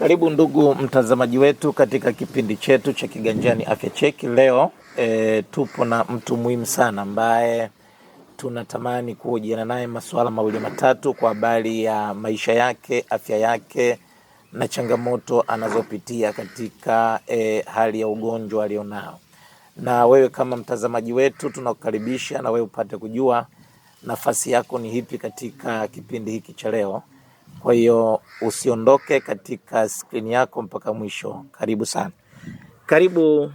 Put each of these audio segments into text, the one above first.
Karibu ndugu mtazamaji wetu katika kipindi chetu cha Kiganjani Afya Cheki. Leo e, tupo na mtu muhimu sana ambaye tunatamani kuhojiana naye masuala mawili matatu kwa habari ya maisha yake, afya yake na changamoto anazopitia katika e, hali ya ugonjwa alionao. Na wewe kama mtazamaji wetu tunakukaribisha na wewe upate kujua nafasi yako ni hipi katika kipindi hiki cha leo kwa hiyo usiondoke katika skrini yako mpaka mwisho. Karibu sana, karibu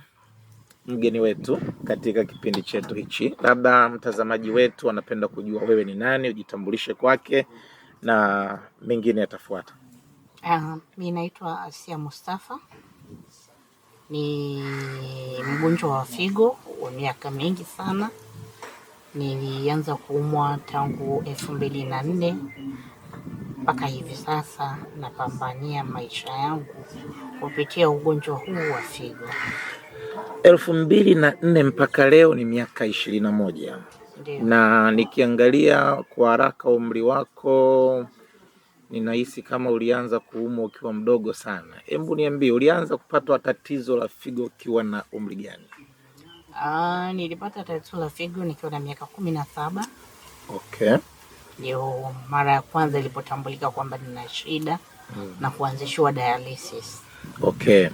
mgeni wetu katika kipindi chetu hichi. Labda mtazamaji wetu anapenda kujua wewe ni nani, ujitambulishe kwake na mengine yatafuata. Uh, mi naitwa Asia Mustafa, ni mgonjwa wa figo wa miaka mingi sana. Nilianza kuumwa tangu elfu mbili na nne mpaka hivi sasa napambania maisha yangu kupitia ugonjwa huu wa figo. elfu mbili na nne mpaka leo ni miaka ishirini na moja na nikiangalia kwa haraka umri wako ninahisi kama ulianza kuumwa ukiwa mdogo sana. Hebu niambie, ulianza kupata tatizo la figo ukiwa na umri gani? Aa, nilipata tatizo la figo nikiwa na miaka kumi na saba. Okay ndio mara ya kwanza ilipotambulika kwamba nina shida mm. na kuanzishiwa dialysis. Okay. Yes.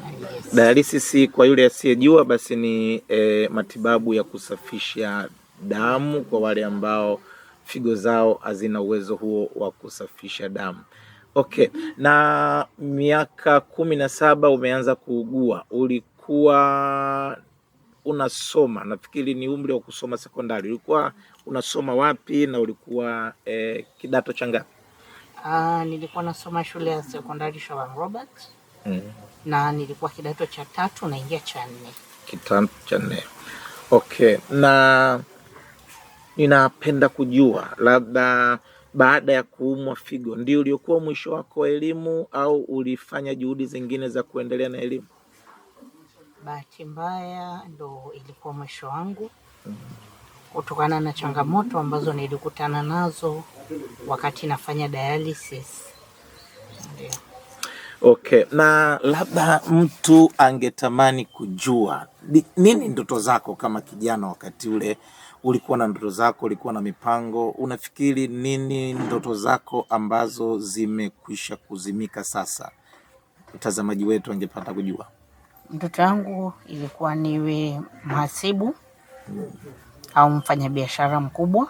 Dialysis kwa yule asiyejua basi ni e, matibabu ya kusafisha damu kwa wale ambao figo zao hazina uwezo huo wa kusafisha damu. Okay. Na miaka kumi na saba umeanza kuugua, ulikuwa unasoma, nafikiri ni umri wa kusoma sekondari, ulikuwa unasoma wapi na ulikuwa eh, kidato cha ngapi? Uh, nilikuwa nasoma shule ya sekondari Shaban Robert mm. na nilikuwa kidato cha tatu naingia cha nne, kidato cha nne. Okay, na ninapenda kujua labda baada ya kuumwa figo ndio uliokuwa mwisho wako elimu au ulifanya juhudi zingine za kuendelea na elimu? bahati mbaya ndo ilikuwa mwisho wangu kutokana na changamoto ambazo nilikutana nazo wakati nafanya dialysis. Okay, na labda mtu angetamani kujua nini ndoto zako kama kijana wakati ule ulikuwa na ndoto zako, ulikuwa na mipango, unafikiri nini ndoto zako ambazo zimekwisha kuzimika sasa, mtazamaji wetu angepata kujua? Ndoto yangu ilikuwa niwe mhasibu au mfanyabiashara mkubwa,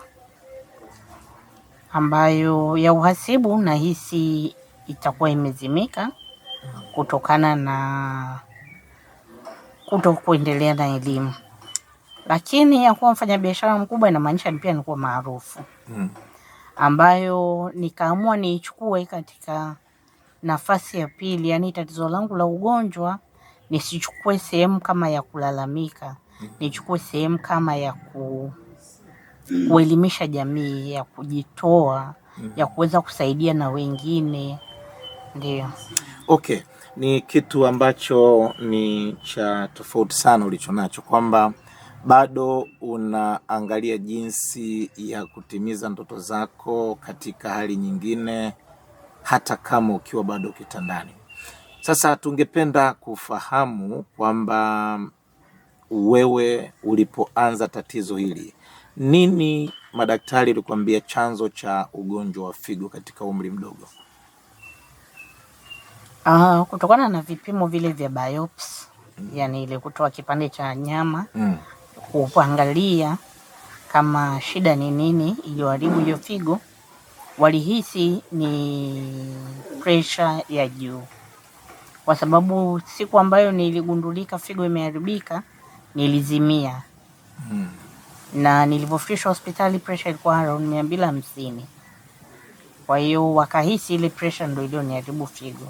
ambayo ya uhasibu nahisi itakuwa imezimika kutokana na kuto kuendelea na elimu, lakini ya kuwa mfanyabiashara mkubwa inamaanisha pia nikuwa maarufu, hmm. ambayo nikaamua niichukue katika nafasi ya pili. Yaani tatizo langu la ugonjwa nisichukue sehemu kama ya kulalamika, nichukue sehemu kama ya ku, kuelimisha jamii, ya kujitoa, ya kuweza kusaidia na wengine. Ndio. Okay, ni kitu ambacho ni cha tofauti sana ulichonacho kwamba bado unaangalia jinsi ya kutimiza ndoto zako katika hali nyingine hata kama ukiwa bado kitandani. Sasa tungependa kufahamu kwamba wewe ulipoanza tatizo hili, nini madaktari walikuambia chanzo cha ugonjwa wa figo katika umri mdogo? Uh, kutokana na vipimo vile vya biopsy mm. Yani ile kutoa kipande cha nyama mm. kuangalia kama shida ni nini iliyoharibu hiyo figo, walihisi ni presha ya juu kwa sababu siku ambayo niligundulika figo imeharibika nilizimia. Hmm. na nilivyofikishwa hospitali presha ilikuwa around mia mbili hamsini. Kwa hiyo wakahisi ile presha ndo iliyoniharibu figo.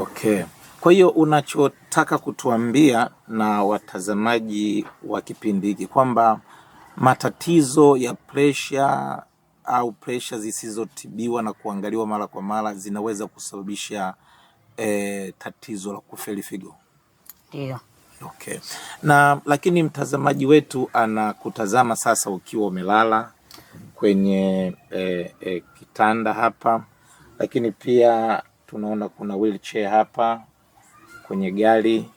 Okay. Kwa hiyo unachotaka kutuambia na watazamaji wa kipindi hiki kwamba matatizo ya presha au presha zisizotibiwa na kuangaliwa mara kwa mara zinaweza kusababisha e, tatizo la kufeli figo? Ndio. Okay. Na lakini mtazamaji wetu anakutazama sasa ukiwa umelala kwenye e, e, kitanda hapa, lakini pia tunaona kuna wheelchair hapa kwenye gari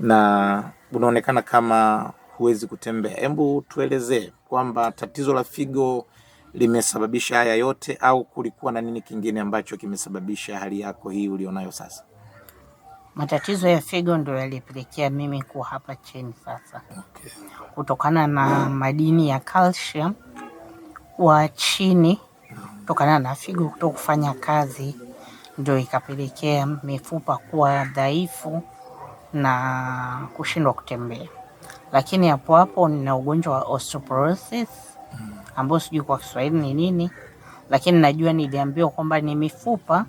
na unaonekana kama huwezi kutembea. Hebu tuelezee kwamba tatizo la figo limesababisha haya yote au kulikuwa na nini kingine ambacho kimesababisha hali yako hii ulionayo sasa? Matatizo ya figo ndio yalipelekea mimi kuwa hapa chini sasa, okay. Kutokana na madini ya calcium wa chini, kutokana na figo kuto kufanya kazi, ndio ikapelekea mifupa kuwa dhaifu na kushindwa kutembea. Lakini hapo hapo nina ugonjwa wa osteoporosis ambayo sijui kwa Kiswahili ni nini, lakini najua niliambiwa kwamba ni mifupa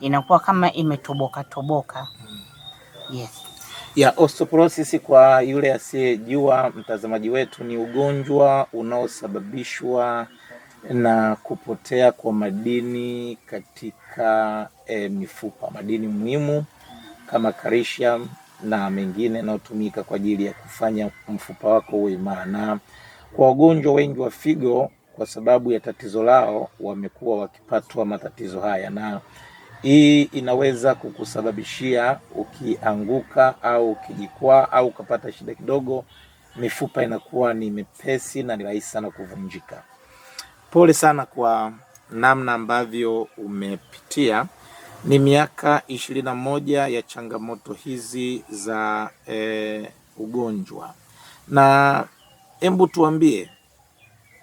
inakuwa kama imetoboka toboka. Yes. Ya osteoporosis kwa yule asiyejua mtazamaji wetu ni ugonjwa unaosababishwa na kupotea kwa madini katika e, mifupa, madini muhimu kama calcium na mengine yanayotumika kwa ajili ya kufanya mfupa wako uwe imara. Kwa wagonjwa wengi wa figo, kwa sababu ya tatizo lao, wamekuwa wakipatwa matatizo haya, na hii inaweza kukusababishia ukianguka au ukijikwaa au ukapata shida kidogo, mifupa inakuwa ni mepesi na ni rahisi sana kuvunjika. Pole sana kwa namna ambavyo umepitia. Ni miaka ishirini na moja ya changamoto hizi za e, ugonjwa na Hebu tuambie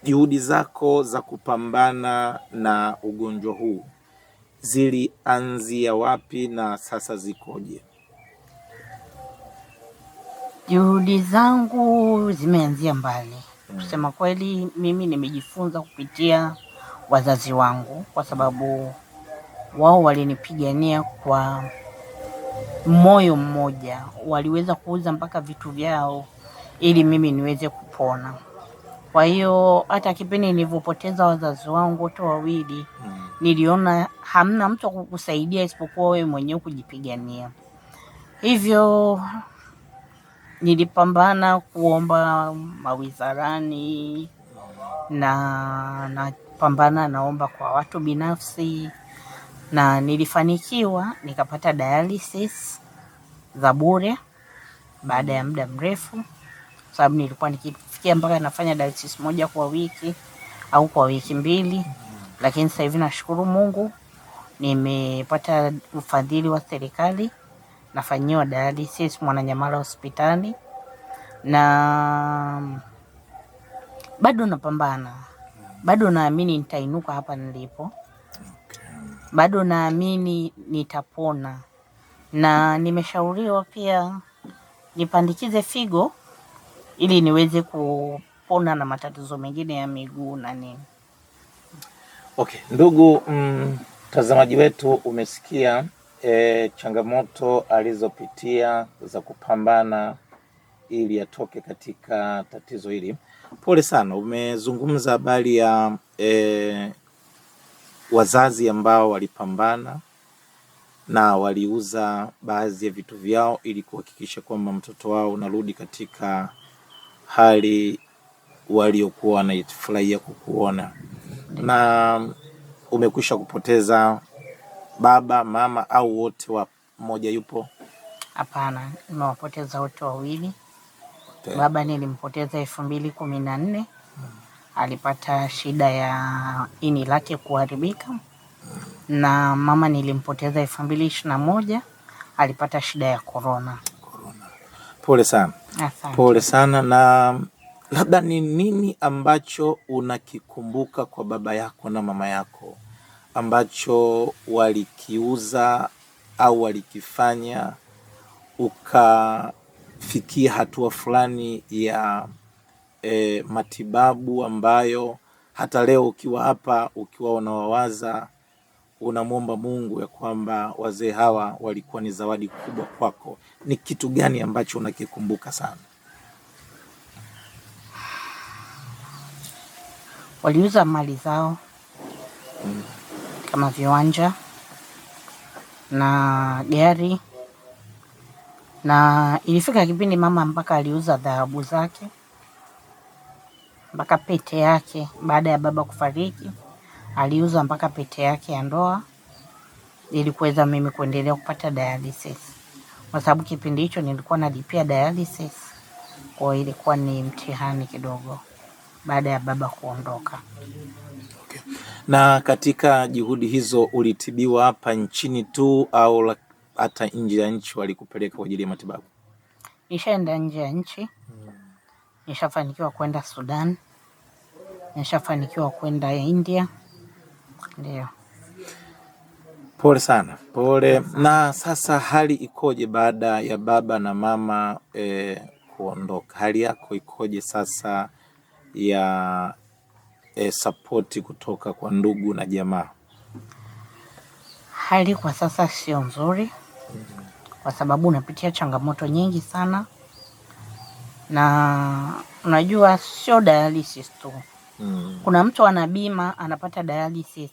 juhudi zako za kupambana na ugonjwa huu zilianzia wapi na sasa zikoje? Juhudi zangu zimeanzia mbali. Hmm. Kusema kweli, mimi nimejifunza kupitia wazazi wangu, kwa sababu wao walinipigania kwa moyo mmoja, waliweza kuuza mpaka vitu vyao ili mimi niweze kupona. Kwa hiyo hata kipindi nilivyopoteza wazazi wangu wote wawili mm. niliona hamna mtu kukusaidia isipokuwa wewe mwenyewe kujipigania. Hivyo nilipambana kuomba mawizarani na napambana naomba kwa watu binafsi na nilifanikiwa nikapata dialysis za bure baada ya muda mrefu sababu nilikuwa nikifikia mpaka nafanya dialysis moja kwa wiki au kwa wiki mbili, lakini sasa hivi nashukuru Mungu nimepata ufadhili wa serikali, nafanyiwa dialysis Mwananyamala hospitali na bado napambana, bado naamini nitainuka hapa nilipo, bado naamini nitapona, na nimeshauriwa pia nipandikize figo ili niweze kupona na matatizo mengine ya miguu na nini. Okay, ndugu mm, mtazamaji mm, wetu umesikia e, changamoto alizopitia za kupambana ili atoke katika tatizo hili. Pole sana. Umezungumza habari ya e, wazazi ambao walipambana na waliuza baadhi ya vitu vyao ili kuhakikisha kwamba mtoto wao unarudi katika hali waliokuwa wanaifurahia kukuona, na umekwisha kupoteza baba, mama au wote wa mmoja yupo? Hapana, nimewapoteza wote wawili. Okay. Baba nilimpoteza elfu mbili kumi na nne alipata shida ya ini lake kuharibika na mama nilimpoteza elfu mbili ishirini na moja alipata shida ya korona. Korona. Pole sana. Pole sana. Na labda ni nini ambacho unakikumbuka kwa baba yako na mama yako ambacho walikiuza au walikifanya ukafikia hatua fulani ya e, matibabu ambayo hata leo ukiwa hapa ukiwa unawawaza unamwomba Mungu ya kwamba wazee hawa walikuwa ni zawadi kubwa kwako, ni kitu gani ambacho unakikumbuka sana? Waliuza mali zao mm, kama viwanja na gari, na ilifika kipindi mama mpaka aliuza dhahabu zake mpaka pete yake baada ya baba kufariki aliuza mpaka pete yake ya ndoa ili kuweza mimi kuendelea kupata dialysis, kwa sababu kipindi hicho nilikuwa nalipia dialysis, kwa ilikuwa ni mtihani kidogo baada ya baba kuondoka. Okay. Na katika juhudi hizo ulitibiwa hapa nchini tu au hata nje ya nchi walikupeleka kwa ajili ya matibabu? Nishaenda nje ya nchi, hmm. nishafanikiwa kwenda Sudan, nishafanikiwa kwenda India ndio. Pole sana, pole. Na sasa hali ikoje baada ya baba na mama eh, kuondoka? Hali yako ikoje sasa ya eh, sapoti kutoka kwa ndugu na jamaa? Hali kwa sasa sio nzuri kwa sababu unapitia changamoto nyingi sana, na unajua sio dialysis tu Mm. Kuna mtu ana bima anapata dialysis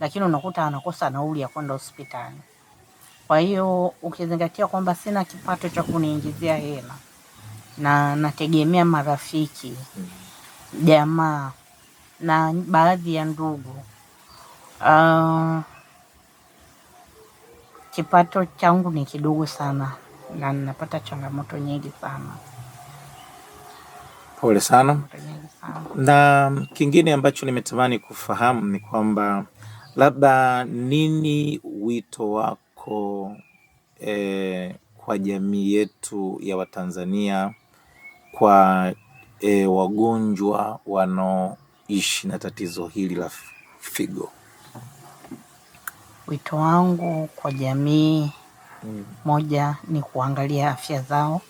lakini unakuta anakosa nauli ya kwenda hospitali. Kwa hiyo ukizingatia kwamba sina kipato cha kuniingizia hela na nategemea marafiki mm. jamaa na baadhi ya ndugu uh, kipato changu ni kidogo sana na ninapata changamoto nyingi sana. Pole sana. Na kingine ambacho nimetamani kufahamu ni kwamba labda nini wito wako eh, kwa jamii yetu ya Watanzania kwa eh, wagonjwa wanaoishi na tatizo hili la figo? Wito wangu kwa jamii mm, moja ni kuangalia afya zao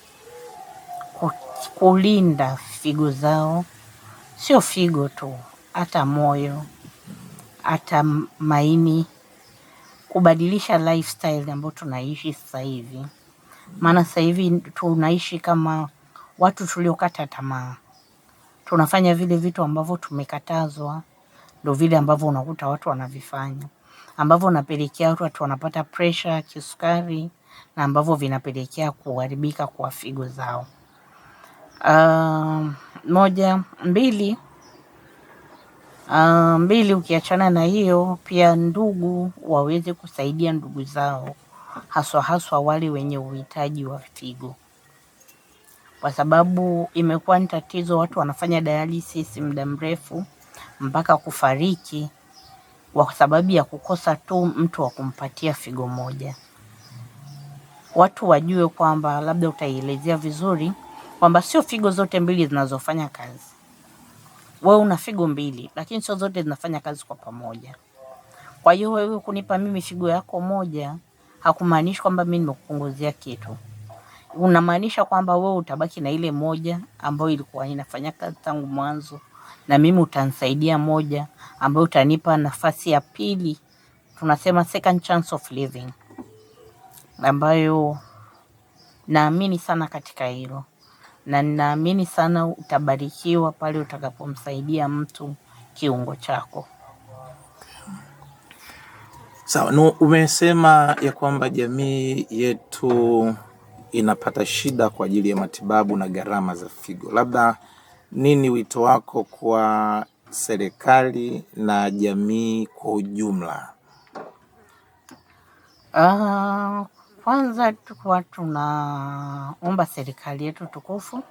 kulinda figo zao, sio figo tu, hata moyo, hata maini, kubadilisha lifestyle ambayo tunaishi sasa hivi. Maana sasa hivi tunaishi kama watu tuliokata tamaa, tunafanya vile vitu ambavyo tumekatazwa, ndo vile ambavyo unakuta watu wanavifanya, ambavyo unapelekea watu wanapata pressure, kisukari na ambavyo vinapelekea kuharibika kwa figo zao uh, moja mbili uh, mbili. Ukiachana na hiyo, pia ndugu waweze kusaidia ndugu zao, haswa haswa wale wenye uhitaji wa figo, kwa sababu imekuwa ni tatizo. Watu wanafanya dialysis muda mrefu mpaka kufariki kwa sababu ya kukosa tu mtu wa kumpatia figo moja. Watu wajue kwamba labda utaielezea vizuri kwamba sio figo zote mbili zinazofanya kazi. Wewe una figo mbili, lakini sio zote zinafanya kazi kwa pamoja. Kwa hiyo wewe kunipa mimi figo yako moja hakumaanishi kwamba mimi nimekupunguzia kitu, unamaanisha kwamba wewe utabaki na ile moja ambayo ilikuwa inafanya kazi tangu mwanzo, na mimi utanisaidia moja ambayo utanipa nafasi ya pili, tunasema second chance of living, ambayo naamini sana katika hilo na ninaamini sana utabarikiwa pale utakapomsaidia mtu kiungo chako. Sawa, so, umesema ya kwamba jamii yetu inapata shida kwa ajili ya matibabu na gharama za figo. Labda nini wito wako kwa serikali na jamii kwa ujumla? Uh, kwanza tukuwa tunaomba serikali yetu tukufu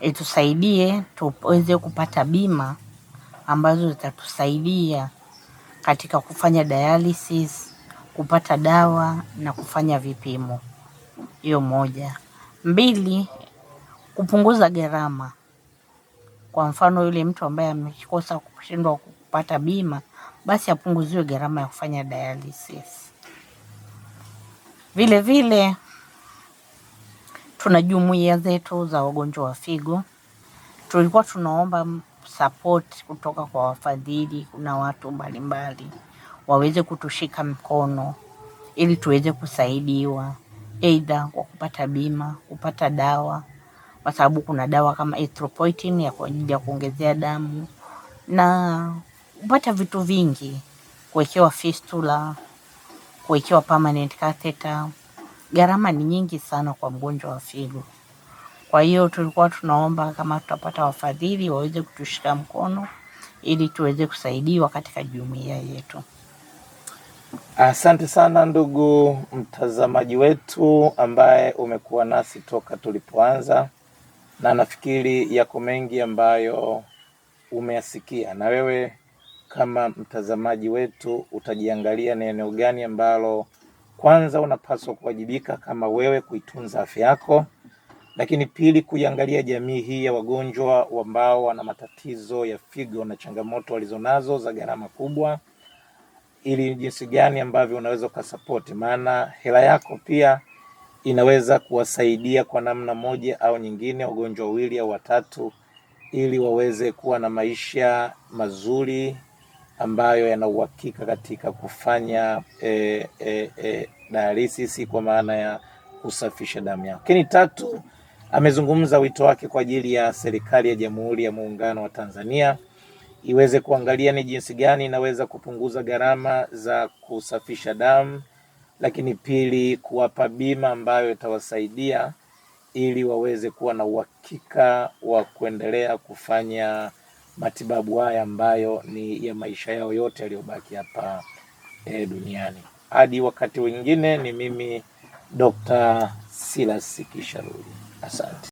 itusaidie tuweze kupata bima ambazo zitatusaidia katika kufanya dialysis, kupata dawa na kufanya vipimo. Hiyo moja. Mbili, kupunguza gharama. Kwa mfano yule mtu ambaye amekosa kushindwa kupata bima, basi apunguziwe gharama ya kufanya dialysis. Vile vile tuna jumuiya zetu za wagonjwa wa figo. Tulikuwa tunaomba support kutoka kwa wafadhili na watu mbalimbali waweze kutushika mkono ili tuweze kusaidiwa, aidha kwa kupata bima, kupata dawa, kwa sababu kuna dawa kama erythropoietin ya kwa ajili ya kuongezea damu na kupata vitu vingi, kuwekewa fistula kuwekewa permanent catheter. Gharama ni nyingi sana kwa mgonjwa wa figo. Kwa hiyo tulikuwa tunaomba kama tutapata wafadhili waweze kutushika mkono ili tuweze kusaidiwa katika jumuiya yetu. Asante sana ndugu mtazamaji wetu ambaye umekuwa nasi toka tulipoanza, na nafikiri yako mengi ambayo umeyasikia na wewe kama mtazamaji wetu utajiangalia ni eneo gani ambalo kwanza unapaswa kuwajibika kama wewe kuitunza afya yako, lakini pili kuiangalia jamii hii ya wagonjwa ambao wana matatizo ya figo na changamoto walizonazo za gharama kubwa, ili jinsi gani ambavyo unaweza ukasapoti, maana hela yako pia inaweza kuwasaidia kwa namna moja au nyingine wagonjwa wawili au watatu, ili waweze kuwa na maisha mazuri ambayo yana uhakika katika kufanya e, e, e, dialysis kwa maana ya kusafisha damu yao. Lakini tatu, amezungumza wito wake kwa ajili ya serikali ya Jamhuri ya Muungano wa Tanzania iweze kuangalia ni jinsi gani inaweza kupunguza gharama za kusafisha damu, lakini pili, kuwapa bima ambayo itawasaidia ili waweze kuwa na uhakika wa kuendelea kufanya matibabu haya ambayo ni ya maisha yao yote yaliyobaki hapa e, duniani. Hadi wakati wengine, ni mimi Dr. Silas Kisharuri, asante.